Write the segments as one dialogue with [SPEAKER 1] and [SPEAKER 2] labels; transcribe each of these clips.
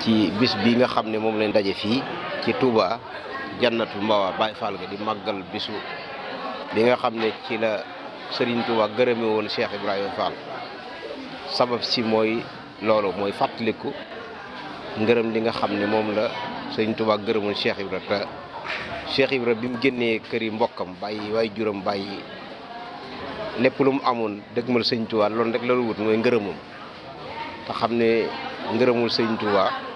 [SPEAKER 1] ci bis bi nga xam ne moom lañ daje fii ci Touba janatu Mbawa Baye Fall ga di màggal bisu bi nga xam ne ci la sëriñ Touba gërëme woon Cheikh Ibrahima Fall sabab si mooy loolu mooy fàttaliku ngërëm li nga xam ne moom la Serigne Touba gërëmoon Cheikh Ibra te Cheikh bi mu génnee kër yi mbokkam bàyyi waaye juróom yi lépp lu mu amoon dëgmal Serigne Touba loolu rek la wut mooy ngërëmam te xam ne ngërëmul Serigne Touba.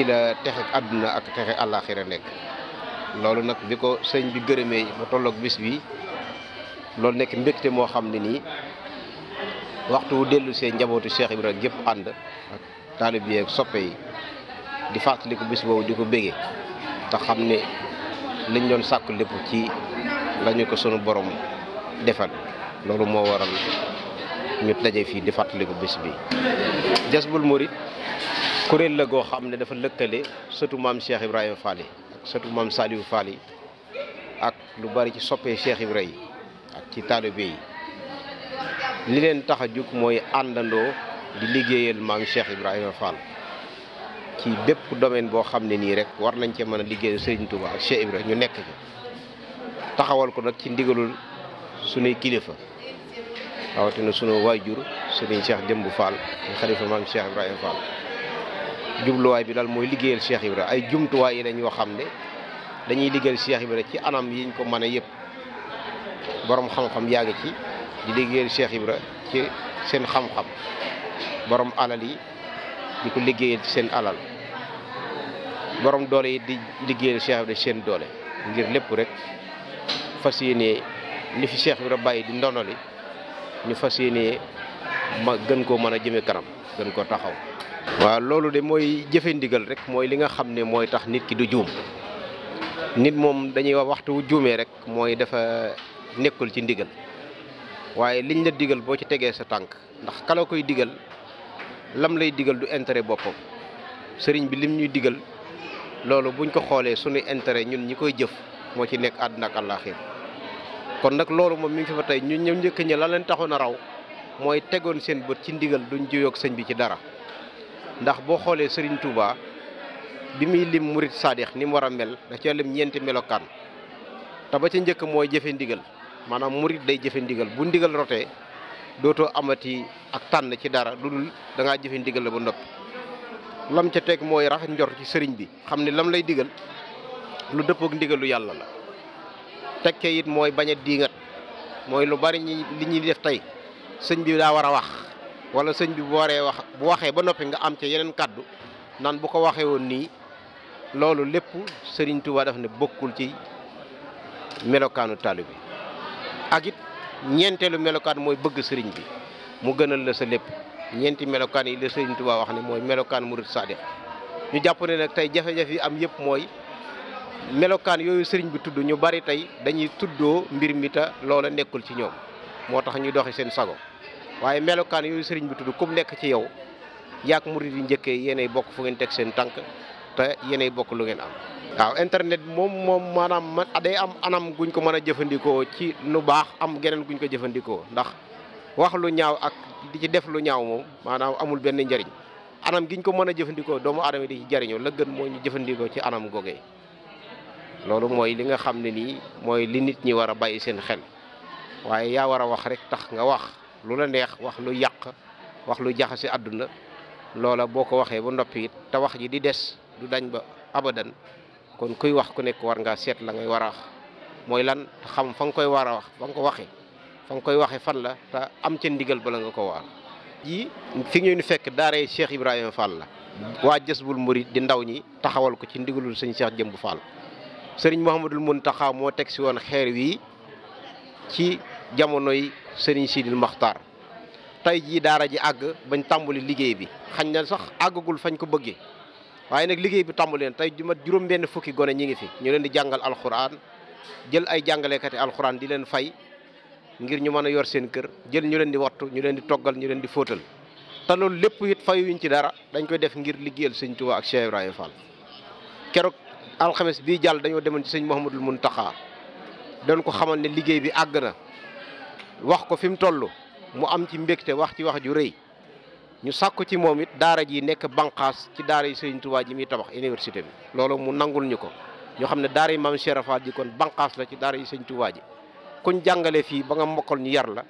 [SPEAKER 1] ci la àdduna ak texe àllaaxira nekk loolu nag bi ko sëñ bi gërëmee ba tolloog bis bi loolu nekk mbégte moo xam ne nii waxtu wu dellu see njabootu bi Ibrahima yëpp ànd ak taalib yi ak soppe yi di fàttali bis boobu di ko bégee te xam ne liñ doon sàkku lépp ci lañu ko sunu borom defal loolu moo waral ñu daje fii di fàttali ko bis bi Jazbul Murid kuréel la goo xam ne dafa lëkkale sëtu maam Cheikh Ibrahima Fall ak sëtu maam Saliou Fall ak lu bari ci soppee Cheikh Ibrahima ak ci taalibe yi li leen tax a jug mooy àndandoo di liggéeyal maam Cheikh Ibrahima Fall ci bépp domaine boo xam ne nii rek war nañ cee mën a liggéeyal Serigne Touba ak Cheikh ñu nekk ci taxawal ko nag ci ndigalul sunuy kilifa rawatina sunu waajur Serigne Cheikh Dembu Fall xalifa maam Cheikh Ibrahima Fall. jubluwaay bi daal mooy liggéeyal Cheikh Ibra ay jumtuwaay yi nañ yoo xam ne dañuy liggéeyal Cheikh Ibra ci anam yiñ ko mën a yëpp borom xam yaa ngi ci di liggéeyal Cheikh Ibra ci seen xam-xam borom alal yi di ko liggéeyal ci seen alal borom doole yi di liggéeyal Cheikh seen doole ngir lépp rek fas yéenee ni fi Cheikh Ibra bàyyi di ndonoli ñu fas yéenee ma gën koo mën a jëme kanam gën koo taxaw waaw loolu de mooy jëfe ndigal rek mooy li nga xam ne mooy tax nit ki du juum nit moom dañuy waxtu wu juumee rek mooy dafa nekkul ci ndigal waaye liñ la digal boo ci tegee sa tànk ndax kala koy digal lam lay digal du intere boppam sëriñ bi lim ñuy digal loolu buñ ko xoolee suñu intérêt ñun ñi koy jëf moo ci nekk àdduna ak àllaaxir kon nag loolu moom mi ngi fi fa tey ñu ñëw njëkk ñi la leen taxoon a raw mooy tegoon seen bët ci ndigal duñ jiyoog sëñ bi ci dara ndax boo xoolee Serigne Touba bi muy lim murit saadix ni mu war a mel da cee lim ñeenti melokaan te ba ca njëkk mooy jëfe ndigal maanaam murit day jëfe ndigal bu ndigal rotee dootoo amati ak tànn ci dara lu dul da ngaa jëfe ndigal la ba noppi. lam ca teg mooy rafet njor ci sëriñ bi xam ne lam lay digal lu dëppook ndigalu yàlla la teg ca it mooy bañ a mooy lu bari ñi li ñuy def tey sëñ bi daa war a wax. wala sëñ bi bu waree wax bu waxee ba noppi nga am ca yeneen kàddu nan bu ko waxee woon nii loolu lépp sëriñtu Tuubaa daf ne bokkul ci melokaanu taalibe ak it ñeenteelu melokaan mooy bëgg sëriñ bi mu gënal la sa lépp ñeenti melokaan yi la sëriñ Tuubaa wax ne mooy melokaan murid saadiq ñu jàpp ne nag tey jafe-jafe yi am yëpp mooy melokaan yooyu sëriñ bi tudd ñu bari tey dañuy tuddoo mbir mi ta loola nekkul ci ñoom moo tax ñu doxi seen sago waaye melokaan yooyu sëriñ bu tudd kum nekk ci yow yaak murid yi njëkkee yéenay bokk fu ngeen teg seen tànk te yéenay bokk lu ngeen am. waaw internet bi moom moom maanaam day am anam guñ ko mën a jëfandikoo ci nu baax am geneen guñ ko jëfandikoo ndax wax lu ñaaw ak di ci def lu ñaaw moom maanaam amul benn njëriñ anam giñ ko mën a jëfandikoo doomu aadama di jariñoo la gën moo ñu jëfandikoo ci anam googee loolu mooy li nga xam ne nii mooy li nit ñi war a bàyyi seen xel waaye yaa war a wax rek tax nga wax. lu la neex wax lu yàq wax lu jaxase àdduna loola boo ko waxee ba noppi it te wax ji di des du dañ ba abadan kon kuy wax ku nekk war nga seet la ngay war a wax mooy lan xam fa nga koy war a wax fa nga ko waxee fa koy waxee fan la te am ca ndigal bala nga ko waar ji fi ñu fekk daaree Cheikh Ibrahima Fall la waa Jazbul Murid di ndaw ñi taxawal ko ci ndigalul sëñ Cheikh Jëmb Fall sëriñ Mouhamadul Muntaxa moo teg si woon xeer wii ci jamono yi Serigne Sidil Mokhtar tey jii daara ji àgg bañ tàmbali liggéey bi xañ na sax àggagul fañ ko bëggee waaye nag liggéey bi tàmbali leen tey ju mat juróom-benn fukki gone ñi ngi fi ñu leen di jàngal alxuraan jël ay jàngalekati alxuraan di leen fay ngir ñu mën a yor seen kër jël ñu leen di wattu ñu leen di toggal ñu leen di fóotal te loolu lépp it fayuñ ci dara dañ koy def ngir liggéeyal sëñ Tuubaa ak Cheikh fal keroog alxames bii jàll dañoo demoon ci sëñ Mouhamadul Muntaxa doon ko xamal ne liggéey bi àgg na wax ko fi mu toll mu am ci mbégte wax ci wax ju rëy ñu sàkku ci moom it daara ji nekk banqaas ci daara yi Sëriñ Tuubaa ji muy tabax université bi loolu mu nangul ñu ko ñu xam ne daara yi maam Cheikh Rafaat ji kon banqaas la ci daara yi Sëriñ Tuubaa ji kuñ jàngale fii ba nga mokkal ñu yar la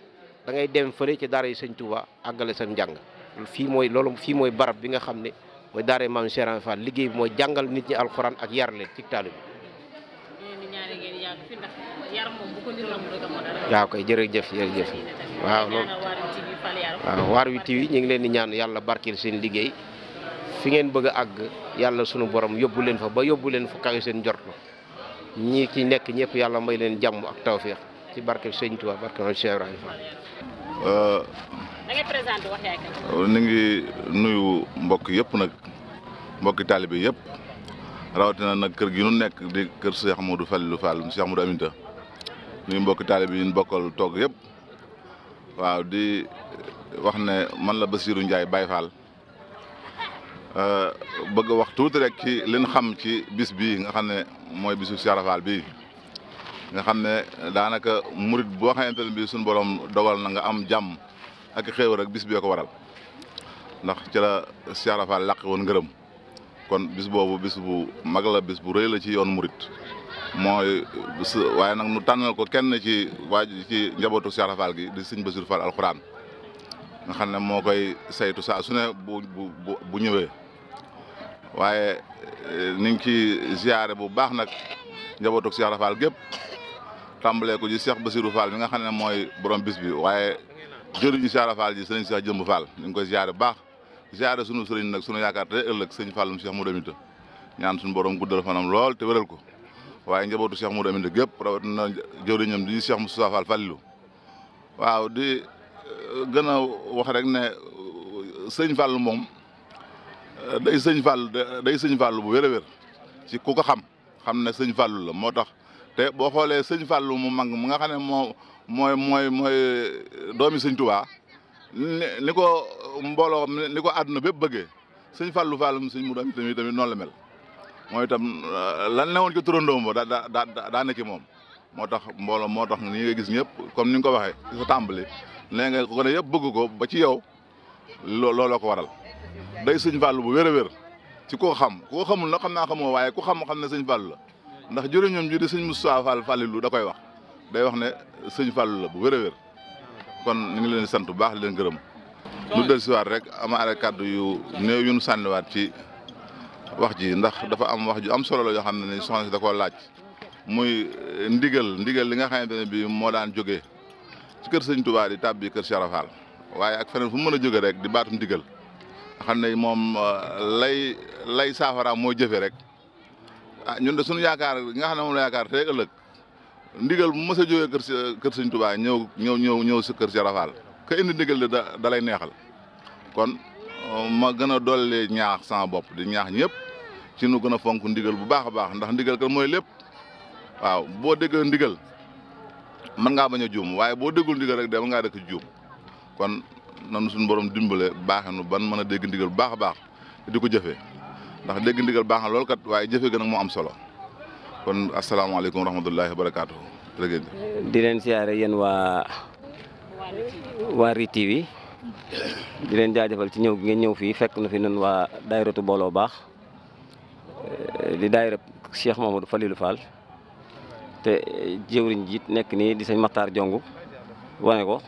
[SPEAKER 1] da ngay dem fële ci daara yi Sëriñ Tuubaa àggale sam njàng fii mooy loolu fii mooy barab bi nga xam ne mooy daara yi maam Cheikh liggéey bi mooy jàngal nit ñi alxuraan ak yar leen ci waaw kay jërëjëf jërëjëf waaw loolu waaw waar wi TV ñu ngi leen di ñaan yàlla barkeel seen liggéey fi ngeen bëgg a àgg yàlla sunu borom yóbbu leen fa ba yóbbu leen fu kawe seen jort ñi ci nekk ñëpp yàlla may leen jàmm ak tawféex ci barkeel sëñ Tuubaa barkeel Cheikh Ibrahima Fall.
[SPEAKER 2] Euh, ni ngi nuyu mbokk yëpp nag mbokki taalibe yëpp rawatina nag kër gi nu nekk di kër Cheikh Modou Fallou Fall Cheikh Modou Aminta. nuyu mbokki taalibe yi ñu bokkal toog yëpp waaw di wax ne man la Basirou njaay Baye Fall euh, bëgg wax tuuti rek ci liñ xam ci bis bii nga xam ne mooy bisu Cheikh bi nga xam ne daanaka murit boo xamante ne bii suñu borom dogal na nga am jàmm ak xéew rek bis bi ko waral ndax ci la Cheikh Ibra woon ngërëm kon bis boobu bis bu mag la bis bu rëy la ci yoon murit mooy waaye nag nu tànnal ko kenn ci waa ci njabootu Cheikh gi di sëñ Bassirou Fall alxuraan nga xam ne moo koy saytu saa su ne bu bu bu ñëwee waaye eh, ni ngi ci ziare bu baax nag njabootu Cheikh Fall gépp tàmbalee ko ci Cheikh Bassirou Fall mi nga xam ne mooy borom bis bi waaye jëriñu Cheikh Fall ji sëriñ Cheikh Jëmb Fall ñu koy ziare bu baax. ziare sunu sëriñ nag sunu yaakaar te ëllëg sëñ Fallum Cheikh Modou Aminta ñaan suñu borom guddal fanam lool te wéral ko waaye njabootu Cheikh Modou Aminta gépp rawatina jëwriñam di Cheikh Moustapha Fall Fallilu waaw di euh, gën a wax rek ne euh, euh, sëñ Fall moom day sëñ day sëñ bu wér a wér ci ku ko xam xam na sëñ Fall la moo tax te boo xoolee sëñ Fall mu mag mu nga xam ne moo mooy mooy mooy doomi sëñ Touba ni ko mbooloo ni ko àdduna bépp bëggee sëñ Fallou Fallum sëñ Mourou am tamit tamit noonu la mel mooy itam euh, lan la woon ci turandoom ba daa daa daa ne moom moo tax mboolo moo tax ni nga gis ñëpp comme ni nga ko waxee ci sa tàmbali nee nga ko ne yëpp bëgg ko ba ci yow loo looloo ko waral day sëñ Fallou bu wér a wér ci koo xam koo xamul nag xam naa xamoo waaye ku xam xam ne sëñ Fallou la ndax jërëjëf ñoom ji di sëñ Moustapha Fall Fallilou da koy wax day wax ne sëñ Fallou la bu wér a wér kon ñu ngi leen sant bu baax leen gërëm lu del siwaat rek amaale kàddu yu néew yu nu sànniwaat ci wax ji ndax dafa am wax ju am solo la yoo xam ne ni soxna si da koo laaj muy ndigal ndigal li nga xamante ne bii moo daan jógee ci kër sëñ Touba di tàbbi kër Cheikh Fall waaye ak feneen fu mu mën a jóge rek di baatum ndigal xam ne moom uh, lay lay saafaraam moo jëfe rek ah ñun de suñu yaakaar nga xam ne moom la yaakaar tey ëllëg ndigal bu mës a kër kër sëñ Tuubaa ñëw ñëw ñëw ñëw sa kër Serap Fall ka indi ndigal da da lay neexal kon ma gën a dolli ñaax sama bopp di ñaax ñëpp ci nu gën a fonk ndigal bu baax a baax ndax ndigal ka mooy lépp waaw boo déggee ndigal mën ngaa bañ a juum waaye boo déggul ndigal rek de mën ngaa dëkk juum kon nanu suñu borom dimbale baaxe nu ban mën a dégg ndigal bu baax a baax di ko jëfee ndax dégg ndigal baax na lool kat waaye jëfe gën a moo am solo kon asalaamaaleykum wa di leen siyaare yéen waa waa RIT di
[SPEAKER 3] leen jaajëfal ci ñëw gi ngeen ñëw fii fekk na fi nun waa daayiratu booloo baax eh, di daayira Cheikh Mamadou Falilou Fall te eh, jëwriñ jiit nekk nii di sañ Makhtar Jongu wane ko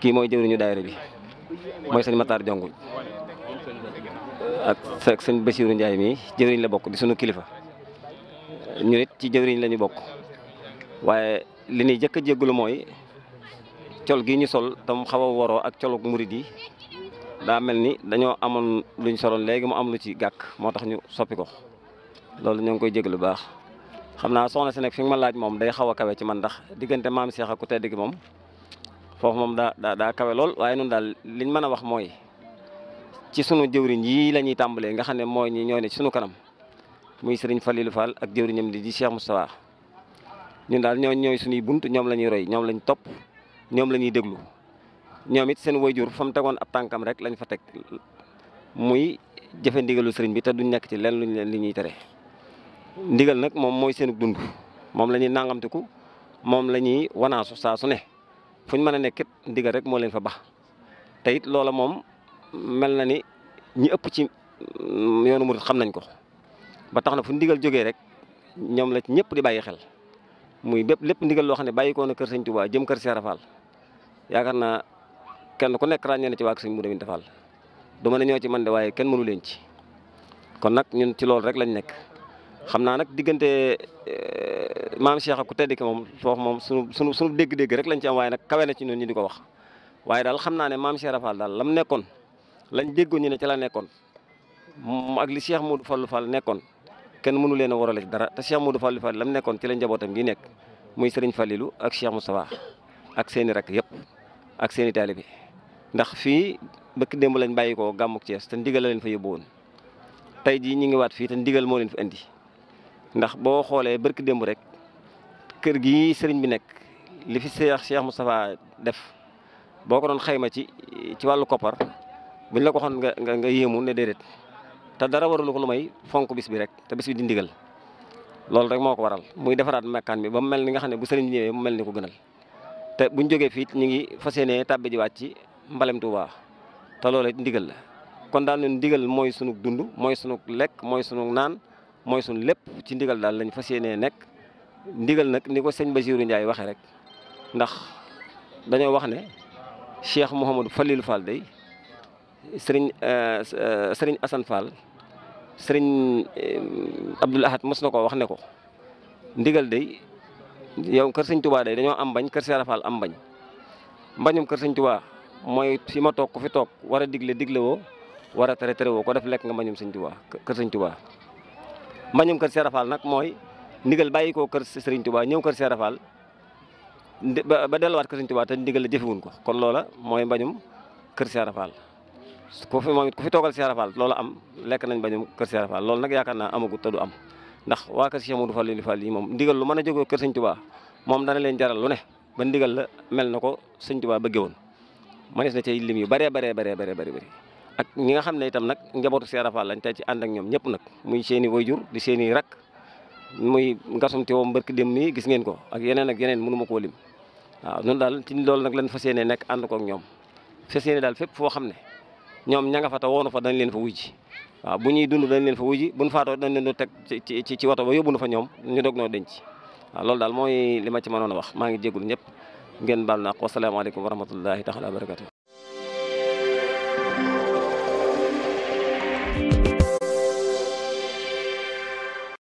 [SPEAKER 3] kii mooy jëwriñu daayira bi mooy sëñ Makhtar Jongu ak sëñ Bassirou njaay mii jëwriñ la bokk di sunu kilifa. ñu it ci jëwriñ la bokk waaye li ñuy jëkk a jégalu mooy col gi ñu sol tam xaw a waroo ak colug murid yi daa mel ni dañoo amoon lu luñ soloon léegi mu am lu ci gàkk moo tax ñu soppi ko loolu ñoo ngi koy jégalu baax. xam naa soxna si nag fi nga ma laaj moom day xaw a kawe ci mandax diggante maam Cheikh ak ku tedd moom foofu moom daa daa daa kawe lool waaye nun daal liñ mën a wax mooy ci sunu jëwriñ yii la ñuy tàmbalee nga xam ne mooy ñi ñoo ne ci sunu kanam. muy sëriñ Falilou Fall ak jëwriñam di di Cheikh Moustapha ñun daal ñoo ñooy suñuy bunt ñoom la ñuy roy ñoom lañ topp ñoom la ñuy déglu ñoom it seen wayjur fa mu tegoon ab tànkam rek lañ fa teg muy jëfe ndigalu sëriñ bi te duñ nekk ci lenn luñ leen li ñuy tere ndigal nag moom mooy seen dund moom la ñuy nangamtiku moom la ñuy wanaasu saa su ne fu ñu mën a nekk ndigal rek moo leen fa bax teyit loola moom mel na ni ñu ëpp ci yoonu murit xam nañ ko ba tax na fu ndigal jógee rek ñoom la ci ñëpp di bàyyi xel muy bépp lépp ndigal loo xam ne bàyyi ko na kër sëñ Touba jëm kër Cheikh Rafal yaakaar naa kenn ku nekk ràññee na ci waa sëñ Modou Minta Fall du ma ne ñoo ci man de waaye kenn mënu leen ci kon nag ñun ci loolu rek lañ nekk xam naa nag diggante eh, maam Cheikh ku tedd foofu moom sunu sunu sunu dégg rek lañ ci am waaye nag kawe ci ñun ñu di ko wax waaye daal naa ne maam Cheikh Rafal daal lam nekkoon lañ déggoon ñu ne ci la nekkoon mu ak li Cheikh Modou Fallou Fall nekkoon kenn mënu leen a warale ci dara te Cheikh Modou Fallou Fall lam nekkoon ci la njabootam gi nekk muy sëriñ Fallilou ak Cheikh Moustapha ak seeni rek yépp ak seeni taalibe ndax fii bëkk démb lañ bàyyikoo ko gàmmuk Thiès te ndigal la leen fa yóbbu woon tey jii ñu ngi waat fii te ndigal moo leen fi indi ndax boo xoolee barki démb rek kër gi sëriñ bi nekk li fi Cheikh Cheikh Moustapha def boo ko doon xayma ci ci wàllu koppar buñ la ko waxoon nga nga yéemu ne déedéet te dara waralu ko lu may fonk bis bi rek te bis bi di ndigal loolu rek moo ko waral muy defaraat mekkaan bi ba mu mel ni nga xam ne bu sëriñ ñëwee mu mel ni ko gënal te buñ jógee fii ñu ngi fas yéenee tàbbi jiwaat ci mbalem Tuuba te loolu ndigal la kon daal ñun ndigal mooy sunu dund mooy sunu lekk mooy sunu naan mooy sunu lépp ci ndigal daal lañu fas yéenee nekk ndigal nag ni ko sëñ Basiiru Njaay waxee rek ndax dañoo wax ne Cheikh Mouhamadou Falilou Fall sëriñ euh, euh, sëriñ Assane Fall sëriñ Abdoul Ahad mos na koo wax ne ko ndigal day yow kër sëñ Touba day dañoo am bañ kër Serigne Fall am bañ mbañum kër sëñ Touba mooy fi ma toog ku fi toog war a digle digle woo war tere tere woo ko def lekk nga mbañum sëñ Touba kër sëñ Touba mbañum kër Serigne Fall nag mooy ndigal bàyyi koo kër sëriñ Touba ñëw kër Serigne Fall ba delluwaat kër sëñ Touba te ndigal la jëfewuñ ko kon loola mooy mbañum kër Serigne Fall ku fi moom it ku fi toogal Cheikh Fall loolu am lekk nañ bañum kër Cheikh Fall loolu nag yaakaar na amagut te du am ndax waa kër Cheikh Modou Fall li Fall moom ndigal lu mën a jógee kër Sëñ Tuubaa moom dana leen jaral lu ne ba ndigal la mel na ko Sëñ Tuubaa bëgge woon manees na ci lim yu baree baree baree baree bëri bëri ak nga xam ne itam nag njabootu Cheikh Fall lañ tey ci ànd ak ñoom ñëpp nag muy seeni wayjur di seeni rak muy ngasum te woo mbërk dem nii gis ngeen ko ak yeneen ak yeneen mënu ma koo lim waaw noonu daal ci loolu nag lañ fa yéene nekk ànd ko ak ñoom fas yéene daal fépp foo xam ne ñoom ñanga nga fa te woonu fa dañ leen fa wujji waaw bu ñuy dund dañ leen fa wujji buñ faatoo dañ leen du teg ci ci ci woto ba yóbbu nu fa ñoom ñu dog noo denc waaw loolu daal mooy li ma ci mënoon a wax maa ngi jégalu ñëpp ngeen baal na ak wasalaamaaleykum wa rahmatullahi taala wa barakatu